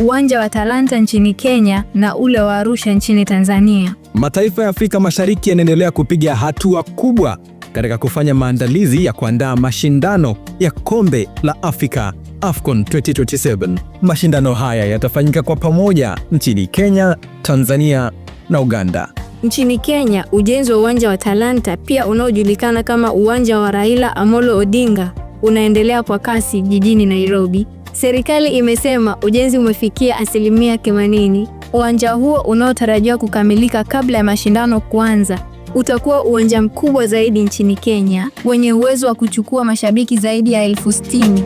uwanja wa Talanta nchini Kenya na ule wa Arusha nchini Tanzania. Mataifa ya Afrika Mashariki yanaendelea kupiga hatua kubwa katika kufanya maandalizi ya kuandaa mashindano ya Kombe la Afrika AFCON 2027. Mashindano haya yatafanyika kwa pamoja nchini Kenya, Tanzania na Uganda. Nchini Kenya, ujenzi wa uwanja wa Talanta pia unaojulikana kama uwanja wa Raila Amolo Odinga unaendelea kwa kasi jijini Nairobi. Serikali imesema ujenzi umefikia asilimia 80. Uwanja huo unaotarajiwa kukamilika kabla ya mashindano kuanza utakuwa uwanja mkubwa zaidi nchini Kenya wenye uwezo wa kuchukua mashabiki zaidi ya elfu sitini.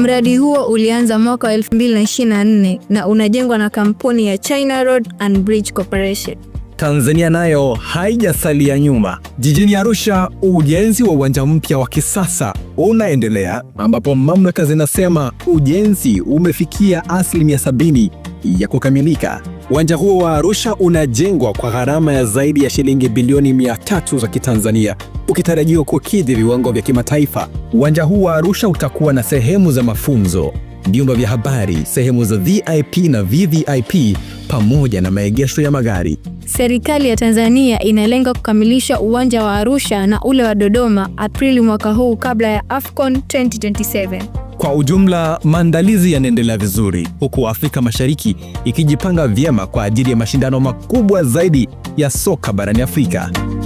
Mradi huo ulianza mwaka wa 2024 na unajengwa na kampuni ya China Road and Bridge Corporation. Tanzania nayo haijasalia nyuma. Jijini Arusha, ujenzi wa uwanja mpya wa kisasa unaendelea, ambapo mamlaka zinasema ujenzi umefikia asilimia sabini ya kukamilika. Uwanja huo wa Arusha unajengwa kwa gharama ya zaidi ya shilingi bilioni tatu za Kitanzania, ukitarajiwa kukidhi viwango vya kimataifa. Uwanja huu wa Arusha utakuwa na sehemu za mafunzo, vyumba vya habari, sehemu za VIP na VVIP pamoja na maegesho ya magari. Serikali ya Tanzania inalenga kukamilisha uwanja wa Arusha na ule wa Dodoma Aprili mwaka huu kabla ya AFCON 2027. Kwa ujumla, maandalizi yanaendelea vizuri huku Afrika Mashariki ikijipanga vyema kwa ajili ya mashindano makubwa zaidi ya soka barani Afrika.